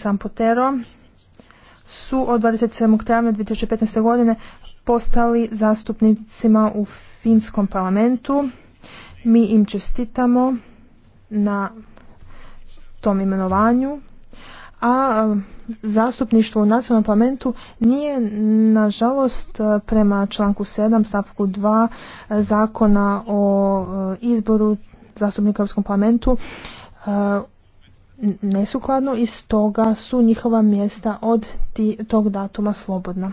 Zampotero su od 27. travnja 2015. godine postali zastupnicima u Finskom parlamentu. Mi im čestitamo na tom imenovanju, a um, zastupništvo u nacionalnom parlamentu nije nažalost uh, prema članku 7 stavku 2 uh, zakona o uh, izboru zastupnika u Europskom parlamentu nesukladno i stoga su njihova mjesta od tog datuma slobodna.